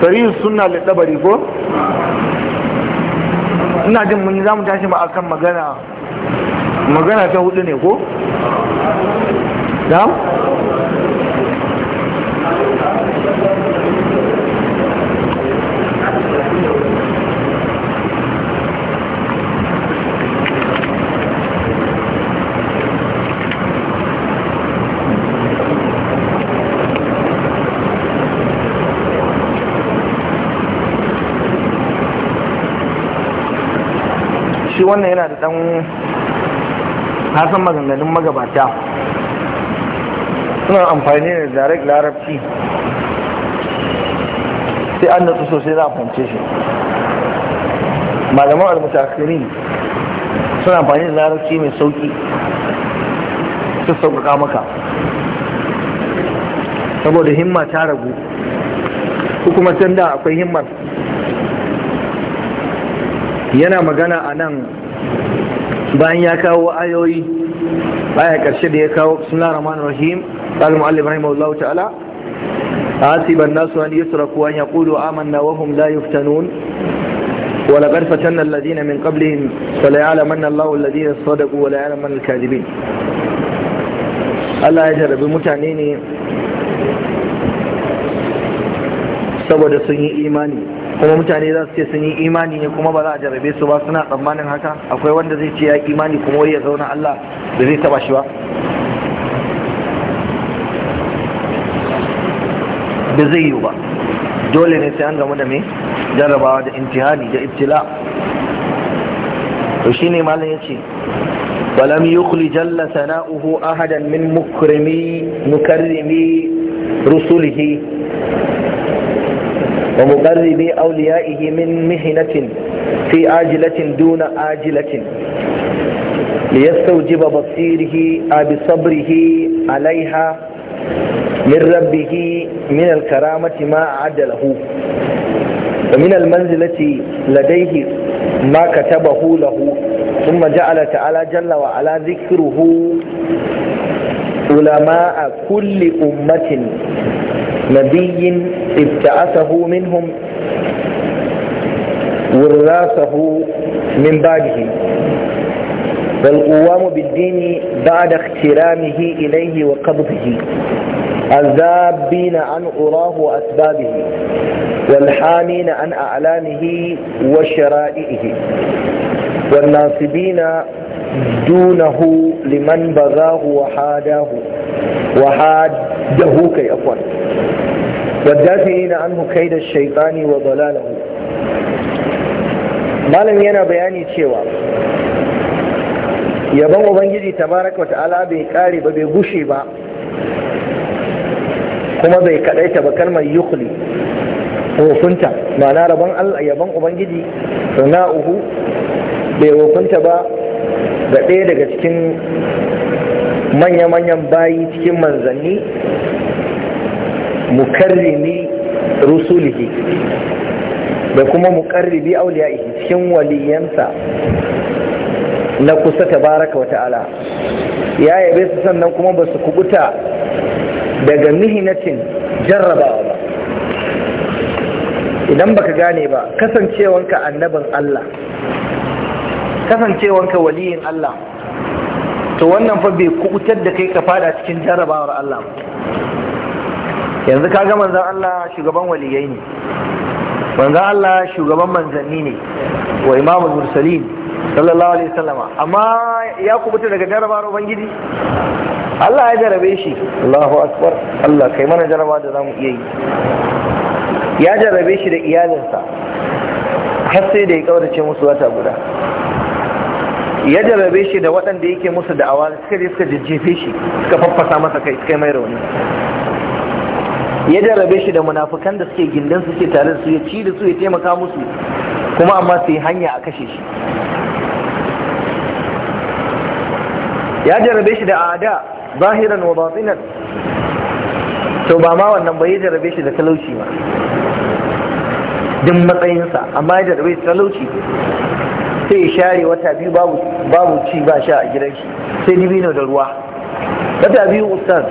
sarihin suna littabari ko ina jin mun za mu tashi ma akan magana magana ta hudu ne ko? shi wannan yana da ɗan hasan maganganun magabata suna amfani da direct larabci sai an natsu sosai za a fahimce shi malaman almutakiri suna amfani da larabci mai sauki su sauƙaƙa maka saboda himma ta ragu ko kuma can da akwai himmar yana magana a nan bayan ya kawo ayoyi baya karshe da ya kawo bismillahir rahmanir rahim qala mu'allif rahimahullahu ta'ala hasiba an-nasu an yusraku an yaqulu amanna wa hum la yuftanun wa laqad fatanna alladhina min qablihim Allahu alladhina sadaqu wa al-kadhibin Allah ya jarabi mutane ne saboda sun yi imani kuma mutane za su ce sun yi imani ne kuma ba za a jarrabe su ba suna tsammanin haka akwai wanda zai ce ya imani kuma wai ya zauna Allah da zai taba shi ba da zai yi ba dole ne sai an gamu da me jarrabawa da intihani da ibtila to shine malam yace balam يخل جل ثناؤه أحدا min مكرمي mukarrimi rusulihi. ومقرب أوليائه من مهنة في آجلة دون آجلة ليستوجب بصيره بصبره عليها من ربه من الكرامة ما عدله ومن المنزلة لديه ما كتبه له ثم جعل تعالى جل وعلا ذكره علماء كل أمة نبي ابتعثه منهم وراثه من بعده والقوام بالدين بعد اخترامه إليه وقبضه الذابين عن أراه وأسبابه والحامين عن أعلامه وشرائعه والناصبين دونه لمن بغاه وحاده وحاده كي أفضل والدافعين عنه كيد الشيطان وضلاله malam yana bayani cewa yabon ubangiji wa ta'ala bai kare ba bai gushe ba kuma bai kadaita ba kalmar yukhli wofinta ma'ana rabon Allah yabon ubangiji uhu bai wofinta ba ga ɗaya daga cikin manya-manyan bayi cikin manzanni mukarrimi rusulihi da kuma mukarribi auliya'ihi cikin waliyansa na kusa tabaraka wa ta'ala ya yabe su sannan kuma ba su kubuta daga mihinacin jarrabawa ba idan baka gane ba kasancewanka annabin Allah kasancewanka waliyin Allah to wannan fa bai kubutar da kai ka fada cikin jarrabawar Allah yanzu kaga manzan Allah shugaban waliyai ne manzan Allah shugaban manzanni ne wa imamu mursalin sallallahu alaihi sallama. amma ya kubuta daga jarabar ubangiji Allah ya jarabe shi Allahu akbar Allah kai mana jaraba da zamu iya yi ya jarabe shi da iyalinsa har sai da ya kaurace musu wata guda ya jarabe shi da waɗanda yake musu da'awa suka je suka jajjefe shi suka faffasa masa kai suka mai rauni ya jarrabe shi da munafukan da suke gindin suke tare su ya ci da su ya taimaka musu kuma amma su yi hanya a kashe shi ya jarrabe shi da ada zahiran wa batinan to ba ma wannan ba ya jarrabe shi da talauci ba din matsayinsa amma ya jarrabe shi talauci sai ya share wata biyu babu ci ba sha a gidan shi sai dibino da ruwa wata biyu ustaz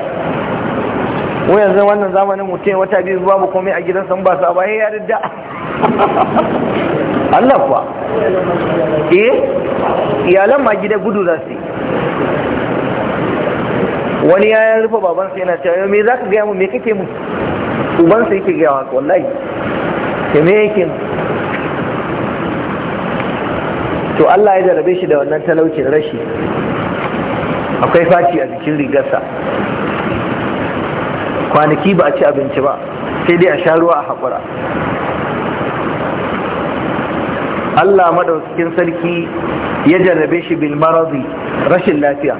ko yanzu wannan zamanin mutum wata biyu babu komai a gidansa ba su abaye eh, ya ridda Allah kuwa eh iyalan ma gida gudu za su wani ya rufe babansa yana cewa me za ka gaya mu me kake mu ubansa yake gaya wa wallahi ke me yake mu to Allah ya jarabe shi da wannan talaucin rashi akwai faci a jikin rigarsa kwanaki ba a ci abinci ba sai dai a sha ruwa a haƙura Allah madaukakin sarki ya jarrabe shi bil maradi rashin lafiya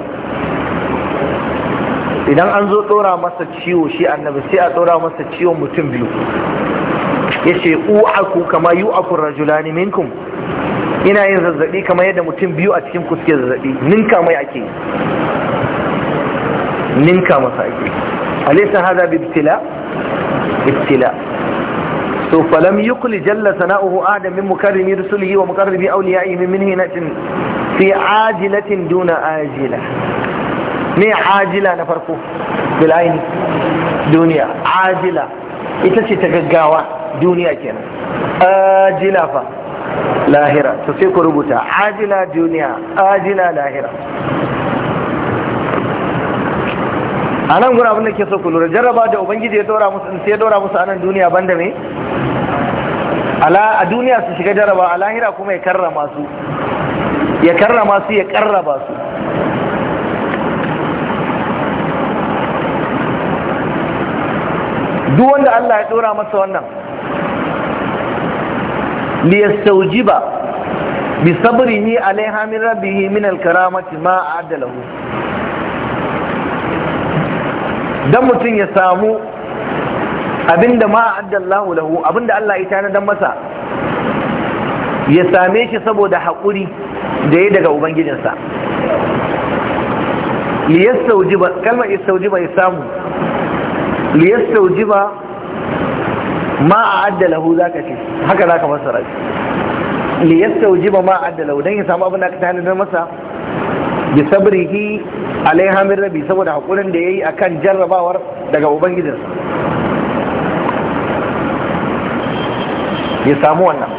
idan an zo ɗora masa ciwo shi annabi sai a tsora masa ciwon mutum biyu ya ce u'aku kama yu'aku rajulani minkum ina yin zazzabi kamar yadda mutum biyu a cikin ku suke zazzabi ninka mai ake ninka masa ake alaysa hadha bi ibtila ibtila to falam yuqli jalla sana'uhu adam min mukarrimi rusulihi wa mukarrimi awliya'ihi min minhinatin fi ajilatin duna ajila me ajila na farko bil duniya ajila ita ce ta gaggawa duniya kenan ajila lahira to sai ku rubuta ajila duniya ajila lahira a nan gura abin da ke so ku lura jarraba da ubangiji ya dora musu sai ya dora musu a nan duniya banda me a duniya su shiga jarraba a lahira kuma ya karrama su ya karrama su ya karraba su duk wanda Allah ya dora masa wannan yastawjiba bi sabrihi alaiha min rabbihi min alkaramati ma adalahu dan mutum ya samu abinda ma addallahu lahu abinda Allah ya tanadan masa ya same shi saboda haƙuri da ya daga ubangijinsa liyastaujiba kalmar istaujiba ya samu liyastaujiba ma a addalahu zaka ce haka zaka masa rai liyastaujiba ma a addalahu dan ya samu abin da tana tanadan masa bi sabrihi alaiha min rabi saboda haƙurin da ya yi a kan jarrabawar daga ubangijinsa ya samu wannan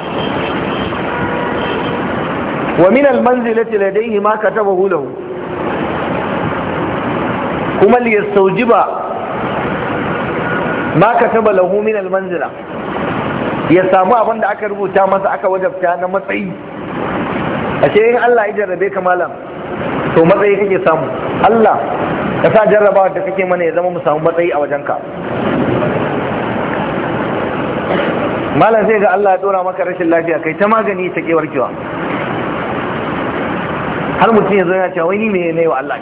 wa min almanzilati ladayhi ma katabahu lahu kuma sau liyastawjiba ma kataba lahu min almanzila ya samu abin da aka rubuta masa aka wajabta na matsayi ashe in Allah ya jarrabe ka malam to matsayi kake samu Allah ka sa jarrabawa da kake mana ya zama mu samu matsayi a wajenka malam zai ga Allah ya dora maka rashin lafiya kai ta magani ta kewar kiwa har mutum ya zo yana cewa wani mai ne wa Allah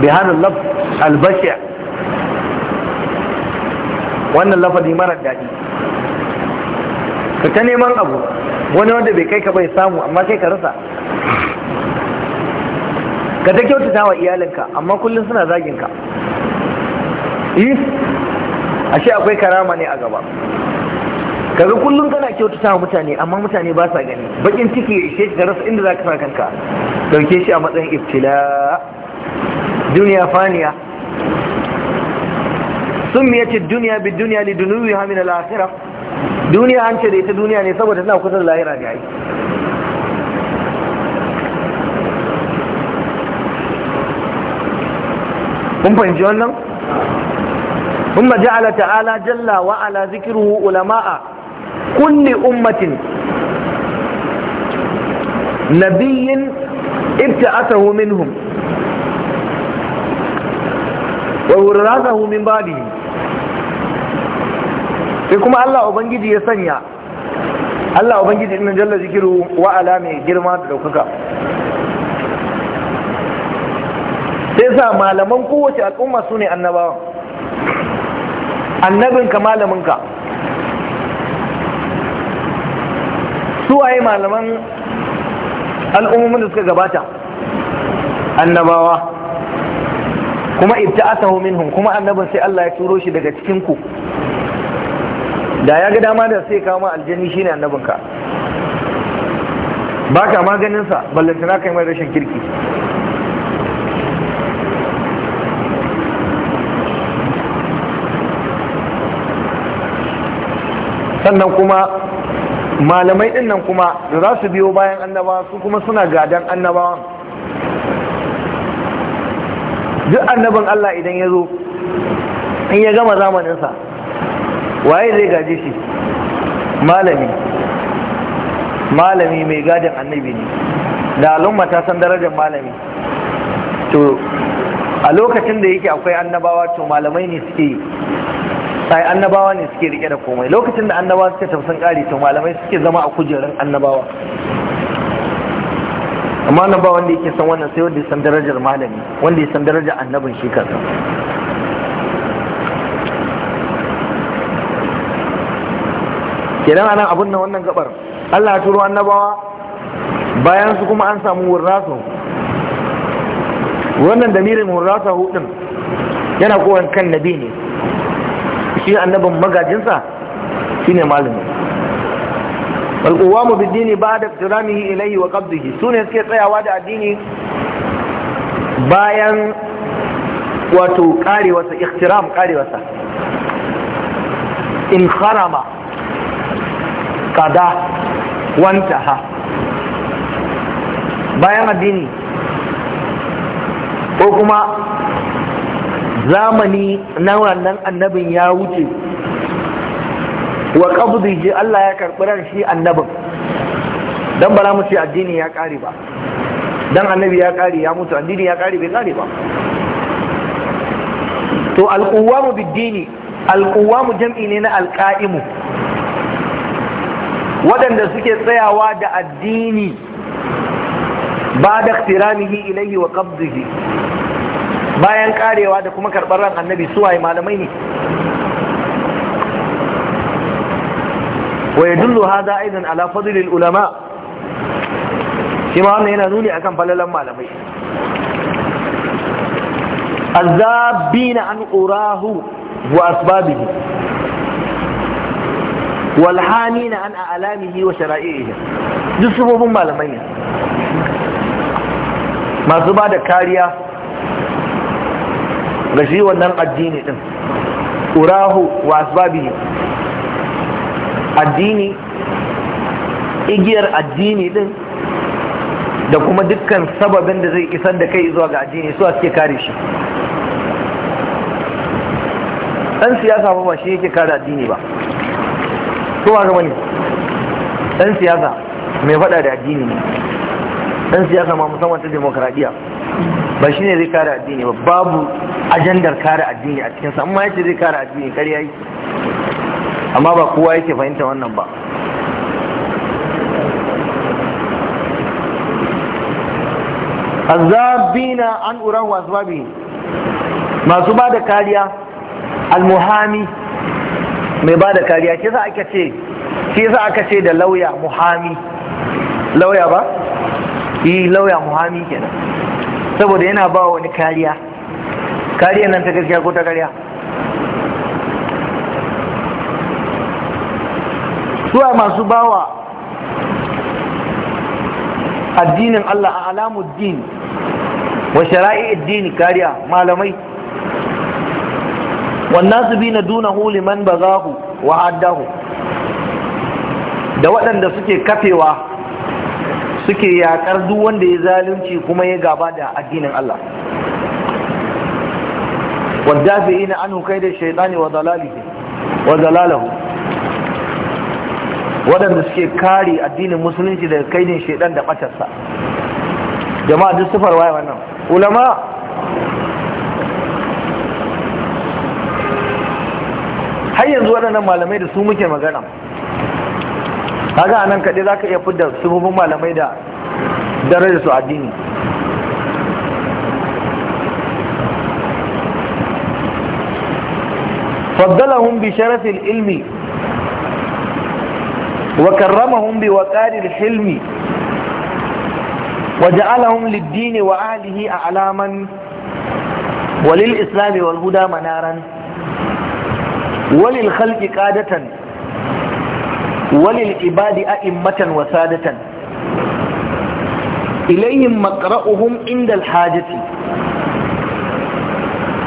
bi hadal laf albashiya. wannan lafazi mara daɗi ka ta neman abu wani wanda bai kai ka bai samu amma kai ka rasa ka ta kyautata wa iyalinka amma kullum suna zagin ka yi eh, ashe akwai karama ne a gaba kaga kullum kana kyautata wa mutane amma mutane ba sa gani bakin ciki ya ishe ka rasa inda za ka sa kanka dauke shi a matsayin ibtila duniya faniya سميت الدنيا Duniya an ce da ita duniya ne saboda نسبة تسنا وكسر الآخرة جاي kun fahimci wannan jalla جعل تعالى جل وعلا ذكره علماء كل أمة نبي ابتعثه منهم وورثه من بعده sai kuma Allah Ubangiji ya sanya Allah Ubangiji inna jalla zikiru wa'ala mai girma da daukaka sai sa malaman kowace al'umma su ne annabawa annabinka malaminka suwaye malaman al'ummomin da suka gabata annabawa kuma ibta'atahu minhum kuma annabin sai Allah ya turo shi daga cikin ku da ya ga dama da sai kawo ma aljani shine annabinka ba ka maganinsa ballantana kai mai rashin kirki sannan kuma malamai din nan kuma da za su biyo bayan annabawa su kuma suna gadan annabawan. duk annabin Allah idan ya zo in ya gama zamaninsa waye zai gaje shi malami malami mai gadin annabi ne da al'umma ta san darajar malami to a lokacin da yake akwai annabawa to malamai ne suke sai annabawa ne suke rike da komai lokacin da annabawa suke tafsan kari to malamai suke zama a kujerun annabawa amma nan ba wanda yake san wannan sai wanda ya san darajar malami wanda ya san darajar annabin shi kansa kenan anan abun nan wannan gabar Allah ya turo annabawa bayan su kuma an samu wurrasu wannan damirin wurrasu hudun yana kowan kan nabi ne shi annabin magajinsa shine malamin al'uwamu biddini ba da firamihi ilayhi wa kabdihi. su ne suke tsayawa da addini bayan wato karewarsa ikhtiram karewarsa in harama kada wanta ha bayan addini ko kuma zamani na wannan annabin ya wuce wa qabdihi Allah ya karɓi ran shi annabin don ba mu ce addini ya ƙare ba don annabi ya ƙare ya mutu addini ya ƙare bai ƙare ba to alƙuwa mu biddini alƙuwa mu jam'i ne na alƙa'imu waɗanda suke tsayawa da addini ba da ƙtiramihi ilaihi wa ƙabdihi bayan karewa da kuma karɓar ran annabi suwaye malamai ne wa yadullu hadha aidan ala fadlil ulama shi ma wannan yana nuni akan falalan malamai azabina an urahu wa asbabihi walhanina an a'lamihi wa shara'ihi duk sufofin malamai ne masu ba da kariya ga shi wannan addini din urahu wa asbabi addini igiyar addini din da kuma dukkan sababin da zai isar da kai zuwa ga addini su suke kare shi dan siyasa ba shi yake kare addini ba ko ba gaba ne dan siyasa mai faɗa da addini ne dan siyasa ma musamman ta demokradiya ba shi ne zai kare addini ba babu ajandar kare addini a cikinsa amma yace zai kare addini kar yi amma ba kowa yake fahimta wannan ba azabina an uran wasu masu ba da kariya almuhami mai ba da kariya ke za aka ce ke za aka ce da lauya muhami lauya ba? yi lauya muhami kenan saboda yana ba wani kariya kariya nan ta gaskiya ko ta kariya suwa masu bawa addinin Allah a alamuddin wa shara'i'id kariya malamai su bi na dunahu huliman bazahu wa addahu da waɗanda suke kafewa suke yaƙar duk wanda ya zalunci kuma ya gaba da addinin Allah Wanda والدافعين عنه كيد الشيطان وضلاله وضلاله waɗanda suke kare addinin musulunci daga kaidin shaidan da ɓatarsa jama'a duk sufar waye wannan ulama har yanzu waɗannan malamai da su muke magana kaga anan kade zaka iya fidda subumun malamai da darajar addini faddalahum bi sharafil ilmi wa karramahum bi waqaril hilmi wa ja'alahum lid-din wa ahlihi a'laman wa lil-islam manaran wa lil-khalqi walil ibadi a'immatan wa sadatan ilayhim maqra'uhum inda al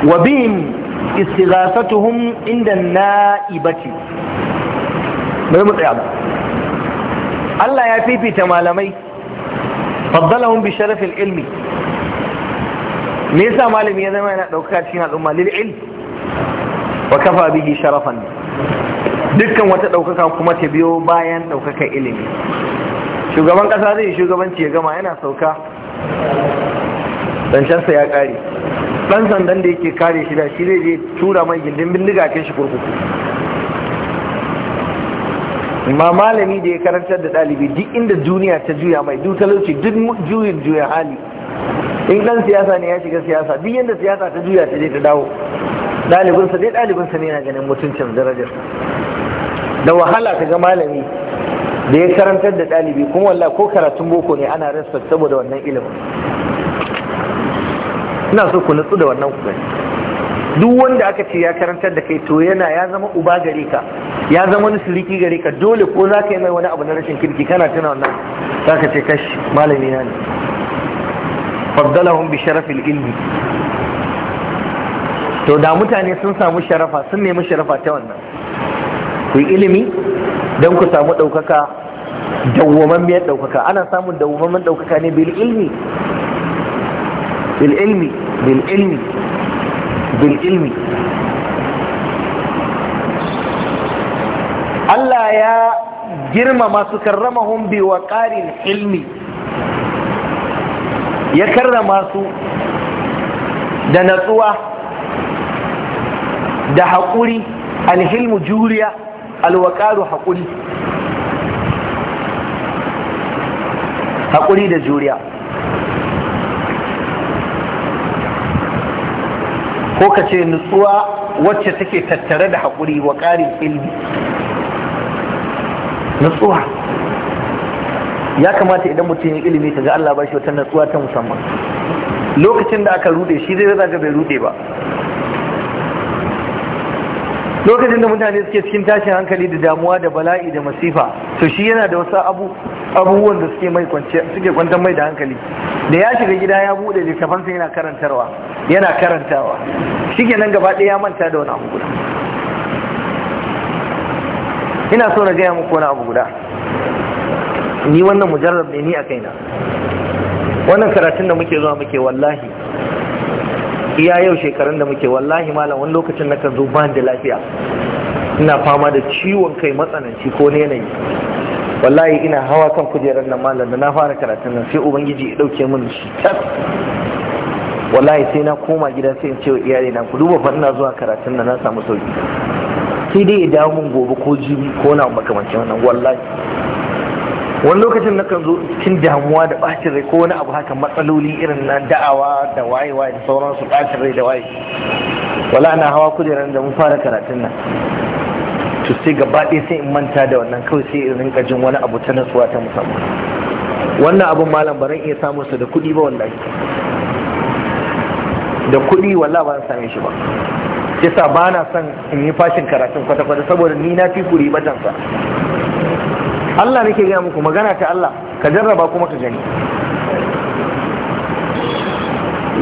wa bihim istighasatuhum inda na'ibati bai mu tsaya Allah ya fifita malamai faddalahum bi sharafil ilmi me yasa malami ya zama yana dauka cikin al'umma lil ilm wa kafa bihi sharafan dukkan wata ɗaukaka kuma ta biyo bayan ɗaukaka ilimi shugaban ƙasa zai shugabanci ya gama yana sauka zancensa ya ƙare ɗan sandan da yake kare shi da shi zai je tura mai gindin bindiga kai shi kurkuku ma malami da ya karantar da ɗalibi duk inda duniya ta juya mai duk talauci duk juyin juya hali in ɗan siyasa ne ya shiga siyasa duk yadda siyasa ta juya ta je ta dawo ɗalibinsa dai ɗalibinsa ne yana ganin mutuncin darajar da wahala ka ga malami da ya karantar da ɗalibi kuma wallah ko karatun boko ne ana rasa saboda wannan ilimin ina so ku nutsu da wannan kuma duk wanda aka ce ya karantar da kai to yana ya zama uba gare ka ya zama wani siriki gare ka dole ko za ka yi mai wani abu na rashin kirki kana tuna wannan za ka ce kashi malami na ne faddalahum bi sharafin ilmi to da mutane sun samu sharafa sun nemi sharafa ta wannan ku yi ilimi don ku samu ɗaukaka dawwamammiyar ɗaukaka ana samun dawwamammen ɗaukaka ne bil ilmi bil ilmi bil ilmi bil ilmi Allah ya girmama su karramahum bi ƙarin ilmi ya karrama su da natsuwa da haƙuri alhilmu juriya alwakaru haƙuri haƙuri da juriya ko ka ce nutsuwa wacce take tattare da haƙuri wa ƙarin ilmi nutsuwa ya kamata idan mutum ya ilimi ta ga Allah ba shi wata nutsuwa ta musamman lokacin da aka rude shi zai zaga bai rude ba lokacin da mutane suke cikin tashin hankali da damuwa da bala'i da masifa to shi yana da wasu abubuwan da suke mai suke kwantar mai da hankali da ya shiga gida ya bude littafan yana karantarwa yana karantawa Shi ke nan gaba ɗaya ya manta da wani abu guda ina so na gaya muku wani abu guda ni wannan mujarrab ne ni a kaina wannan karatun da muke zuwa muke wallahi iya yau shekarun da muke wallahi malam wani lokacin na kan zo ban da lafiya ina fama da ciwon kai matsananci ko ne yanayi wallahi ina hawa kan kujerar nan malam da na fara karatun nan sai ubangiji ya dauke mun shi tas wallahi sai na koma gida sai in ce wa iyali na ku duba fa zuwa karatun nan na samu sauki sai dai ya dawo min gobe ko jibi ko na makamancin wannan wallahi wani lokacin na kan zo cikin damuwa da bacin rai ko wani abu haka matsaloli irin na da'awa da wayewa da sauransu bacin rai da waye wala na hawa kujerar da mun fara karatun nan to sai gaba ɗaya sai in manta da wannan kawai sai in rinka jin wani abu ta nasuwa ta musamman wannan abun malam baran iya samun su da kuɗi ba wallahi da kuɗi walla ba same shi ba yasa ba na son in yi fashin karatun kwata-kwata saboda ni na fi kuri batansa Allah nake gaya muku magana ta Allah ka jarraba kuma ka gani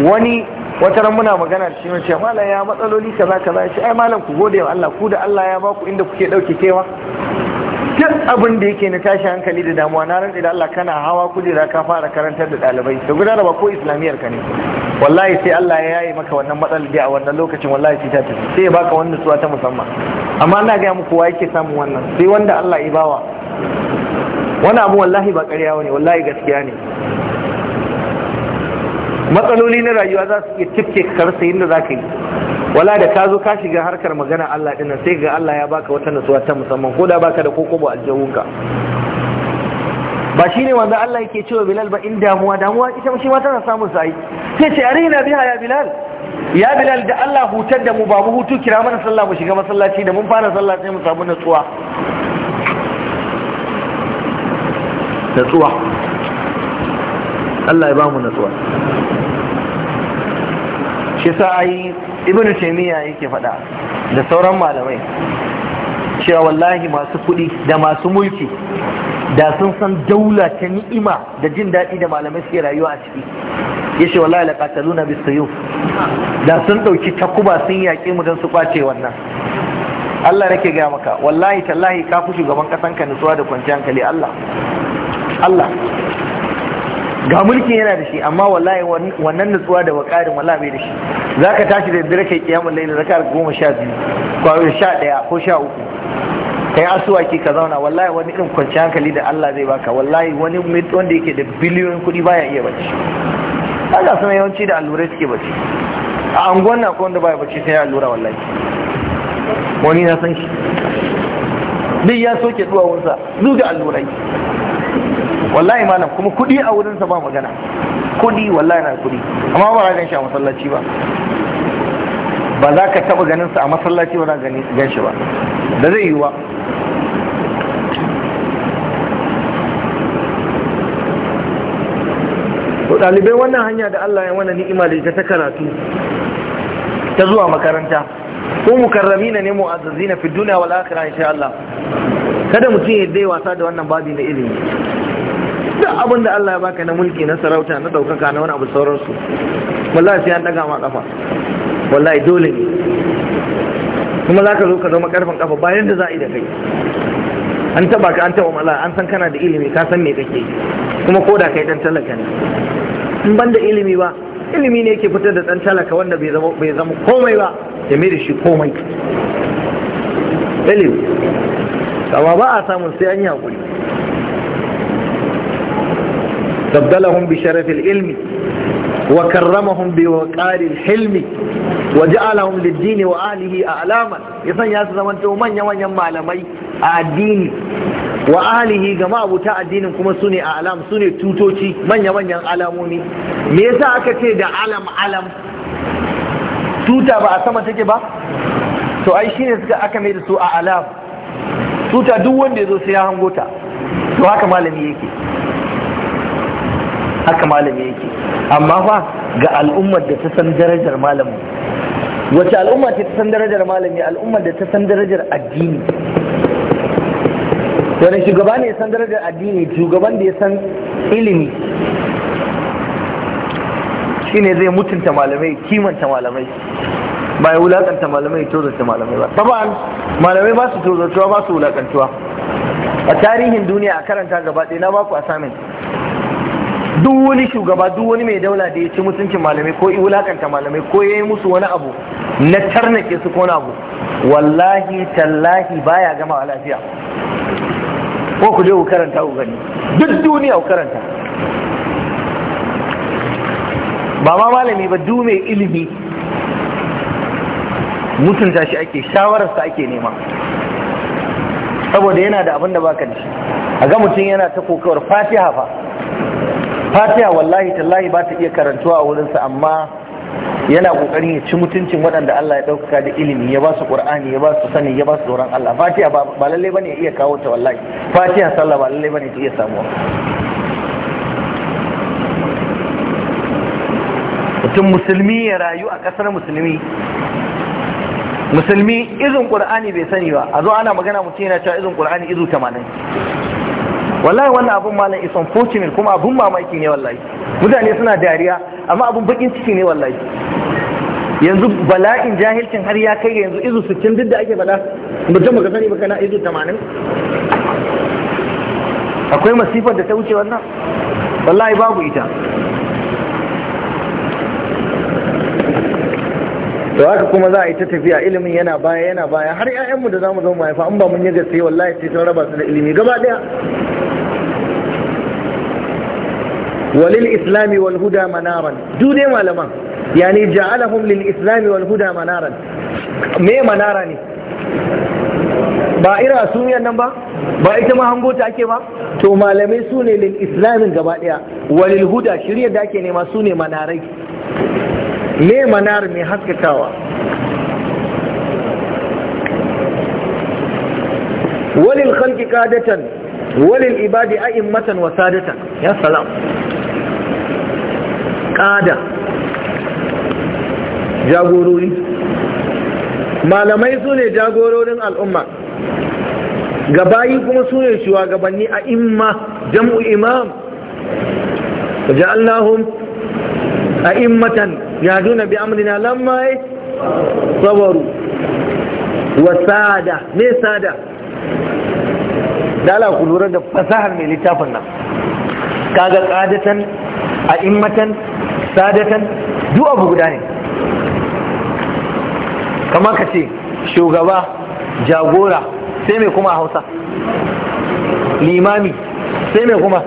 wani wata ran muna magana da shi mai ce malam ya matsaloli kaza kaza shi ai malam ku gode wa Allah ku da Allah ya baku inda kuke dauke kewa duk abin da yake na tashi hankali da damuwa na rantsi da Allah kana hawa kujera ka fara karantar da dalibai to gudanar da ko islamiyar ka ne wallahi sai Allah ya yayi maka wannan matsalar a wannan lokacin wallahi sai ta tafi sai ya baka wannan suwa ta musamman amma ina ga muku wa yake samun wannan sai wanda Allah ya bawa wani abu wallahi ba ƙarya wani wallahi gaskiya ne matsaloli na rayuwa za su iya tifke karsa yadda za ka yi wala da ka zo ka shiga harkar magana Allah dinnan sai ga Allah ya baka wata nasuwa ta musamman ko da baka da kokobo aljawunka ba shi ne wanda Allah yake cewa Bilal ba in damuwa damuwa ita shi ma tana samun sai sai ce arina biha ya Bilal ya Bilal da Allah hutar da mu babu hutu kira mana sallah mu shiga masallaci da mun fara sallah sai mu samu nasuwa natsuwa Allah ya ba mu natsuwa shi sa ai ibn taymiya yake fada da sauran malamai cewa wallahi masu kuɗi da masu mulki da sun san daula ta ni'ima da jin daɗi da malamai suke rayuwa a ciki ya ce wallahi la qataluna bisuyuf da sun ɗauki takuba sun yaƙi mu don su kwace wannan Allah nake ga maka wallahi tallahi ka fushi shugaban kasan ka nutsuwa da kwanciyar hankali Allah Allah ga mulkin yana da shi amma wallahi wannan nutsuwa da wakarin wallahi bai da shi Za ka tashi da dare kai kiyamul ka zaka goma sha biyu ko sha daya ko sha uku kai asuwaki ka zauna wallahi wani irin kwanciyar hankali da Allah zai baka wallahi wani wanda yake da biliyoyin kuɗi baya iya bacci Allah suna yawanci da allurai suke bacci a anguwan na akwai wanda baya bacci sai ya allura wallahi wani na san shi duk ya soke duwawunsa duk da allurai wallahi malam kuma kudi a wurinsa ba magana kudi wallahi na kudi amma ba za shi a masallaci ba ba za ka taba ganin sa a masallaci ba za ka shi ba da zai yi wa to dalibai wannan hanya da Allah ya mana ni'ima da ita ta karatu ta zuwa makaranta ko mukarramina ne mu'azzazina fi dunya wal akhirah insha Allah kada mutum ya dai wasa da wannan babi da ilimi duk abin da Allah ya baka na mulki na sarauta na daukaka na wani abu sauransu wallahi sai an daga ma kafa wallahi dole ne kuma za ka zo ka zama karfin kafa bayan da za a yi da kai an taba ka an taba mala an san kana da ilimi ka san me kake kuma ko da kai dan talaka ne in ban da ilimi ba ilimi ne yake fitar da dan talaka wanda bai zama bai zama komai ba ya mai da shi komai ilimi amma ba a samun sai an yi hakuri استبدلهم بشرف العلم وكرمهم بوقار الحلم وجعلهم للدين وآله أعلاما يسن يا زمان من يوان يما لمي الدين وآله جماعة بتاع الدين كما سوني أعلام سوني توتوشي من يوان يوان ميسا أكتي دا علم علم توتا ba a sama take ba to ai أكمل سوء أعلام توتا دوان su a alam tuta duk wanda ya zo haka malami yake amma fa ga al'ummar da ta san darajar malami wace al'umma ce ta san darajar malami al'ummar da ta san darajar addini wani shugaba ne ya san darajar addini shugaban da ya san ilimi shine zai mutunta malamai kimanta malamai ba ya wulakanta malamai tozarta malamai ba taban malamai ba su tozartuwa ba su wulakantuwa a tarihin duniya a karanta gaba ɗaya na baku assignment duk wani shugaba duk wani mai daula da ya ci mutuncin malamai ko wulakanta malamai ko ya yi musu wani abu na tarnake su ko abu wallahi tallahi baya gama a lafiya ko ku je ku karanta ku gani duk duniya ku karanta ba ma malami ba duk mai ilimi mutunta shi ake shawararsa ake nema saboda yana da abin da baka da shi a ga mutum yana ta kokawar fatiha fa fatiha wallahi tallahi ba ta iya karantuwa a wurinsa amma yana kokarin ya ci mutuncin waɗanda Allah ya ɗaukaka da ilimi ya ba su Qur'ani ya ba su sani ya ba su tsoron Allah fatiha ba lalle bane ya iya kawo ta wallahi fatiha sallah ba lalle bane ta iya samuwa mutum musulmi ya rayu a ƙasar musulmi musulmi izin Qur'ani bai sani ba a zo ana magana mutum yana cewa izin Qur'ani izu tamanin. wallahi wannan abun malam is unfortunate kuma abun mamaki ne wallahi mutane suna dariya amma abun bakin ciki ne wallahi yanzu bala'in jahilcin har ya kai yanzu izu 60 duk da ake faɗa mutum baka sani baka na izu 80 akwai masifar da ta wuce wannan wallahi babu ita da haka kuma za a yi ta tafiya ilimin yana baya yana baya har 'ya'yanmu da za mu zama mahaifa an ba mun yi gaske wallahi sai sun raba su da ilimi gaba daya walil islami wal huda manaran duk dai malaman yani ja'alahum lil islami wal huda manaran me manara ne ba ira suniyan nan ba ba ita ma hango ta ake ba to malamai su ne lil islamin gaba daya walil huda shirya da ake nema su ne manarai me manar mai haskakawa walil khalqi qadatan walil ibadi a'immatan wa sadatan ya salam ƙada jagorori malamai su ne jagororin al'umma gabayi kuma su ne shugabanni a imma jam'u imam immatan ya juna bi amrina lamai? Eh, sabaru wa me sada dala ku lura da fasahar mai littafin nan kaga a immatan? sadatan duk abu guda ne kamar ka ce shugaba jagora sai mai kuma a hausa limami sai mai kuma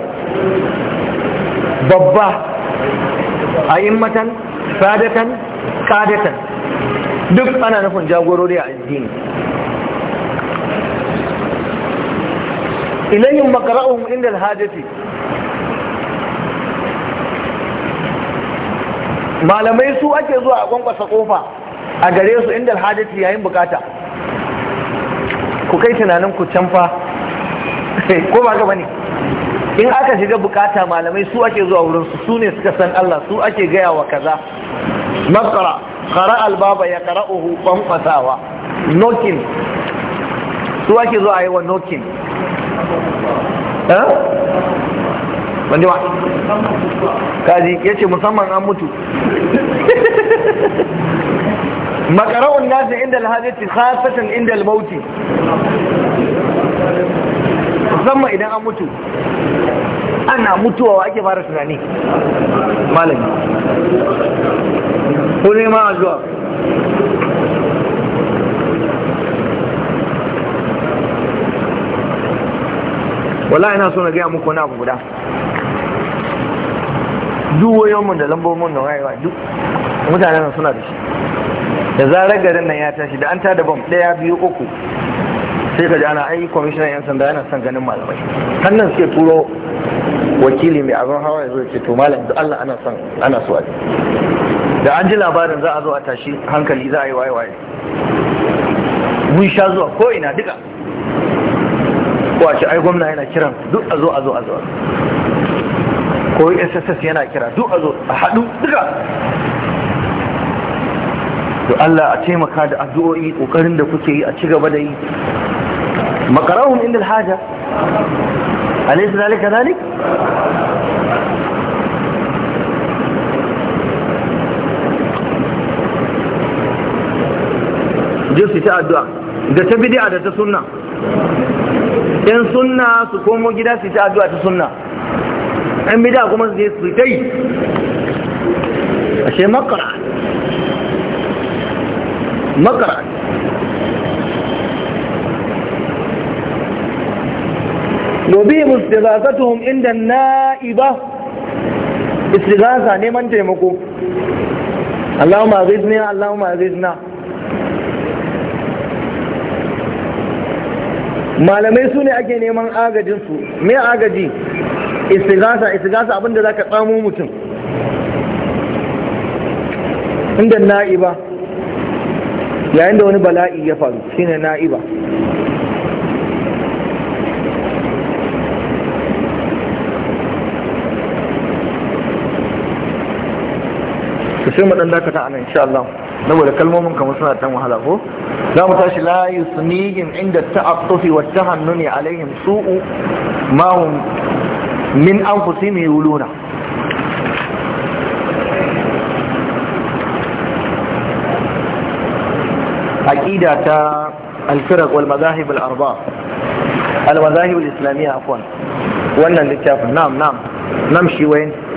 babba a immatan sadatan kadatan duk ana nufin jagorori a addini ilayhim maqra'uhum inda al malamai su ake zuwa a kwankwasa kofa a gare su inda alhadati yayin bukata ku kai tunanin ku can fa ko ba ga bane in aka shiga bukata malamai su ake zuwa wurin su sune suka san Allah su ake gaya wa kaza maqra qara albaba ya qara'uhu kwankwasawa nokin su ake zuwa yi wa nokin. ban ba kaji ya ce musamman an mutu makara'un nasi inda alhajjati khasatan inda almauti musamman idan an mutu ana mutuwa wa ake fara tunani malami ko ne ma zuwa Wala ina so na gaya muku wani abu guda duk wayoyinmu da lambobin da wayewa duk mutanen suna da shi da zarar garin nan ya tashi da an ta da bam ɗaya biyu uku sai ka ji ana ai kwamishinan yan sanda yana son ganin malamai Hannun suke turo wakili mai abin hawa ya zo ya ce to malam da Allah ana son ana suwa da an ji labarin za a zo a tashi hankali za a yi waye waye mun sha zuwa ko ina duka ko a ce ai gwamna yana kiran duk a zo a zo a zo ko sss yana kira duk a zo a haɗu duka to Allah a taimaka da addu'o'i ƙoƙarin da kuke yi a ci gaba da yi makarahun inda alhaja alaisu zalika zalik jinsu ta addu'a da ta bidiya da ta sunna yan sunna su komo gida su ta addu'a ta sunna yan bida kuma su je su ta yi ashe makara makara dobi mustigazatuhum inda na'iba istigaza neman taimako Allahumma zidna Allahumma zidna malamai su ne ake neman agajinsu mai agaji istigasa istigasa abinda za ka tsamo mutum inda na'iba yayin da wani bala'i ya faru shine na'iba sai mu dan dakata anan insha Allah saboda kalmomin kamar suna tan wahala ko za mu tashi la yusnihim inda ta'attufi wa tahannuni alaihim su'u ma hum min anfusihim yuluna aqida ta al-firq wal madahib al-arba al-madahib al-islamiyya afwan wannan littafin na'am na'am namshi wayin